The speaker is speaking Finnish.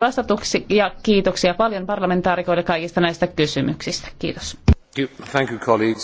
vastatuksi ja kiitoksia paljon parlamentaarikoille kaikista näistä kysymyksistä. Kiitos. Thank you, colleagues.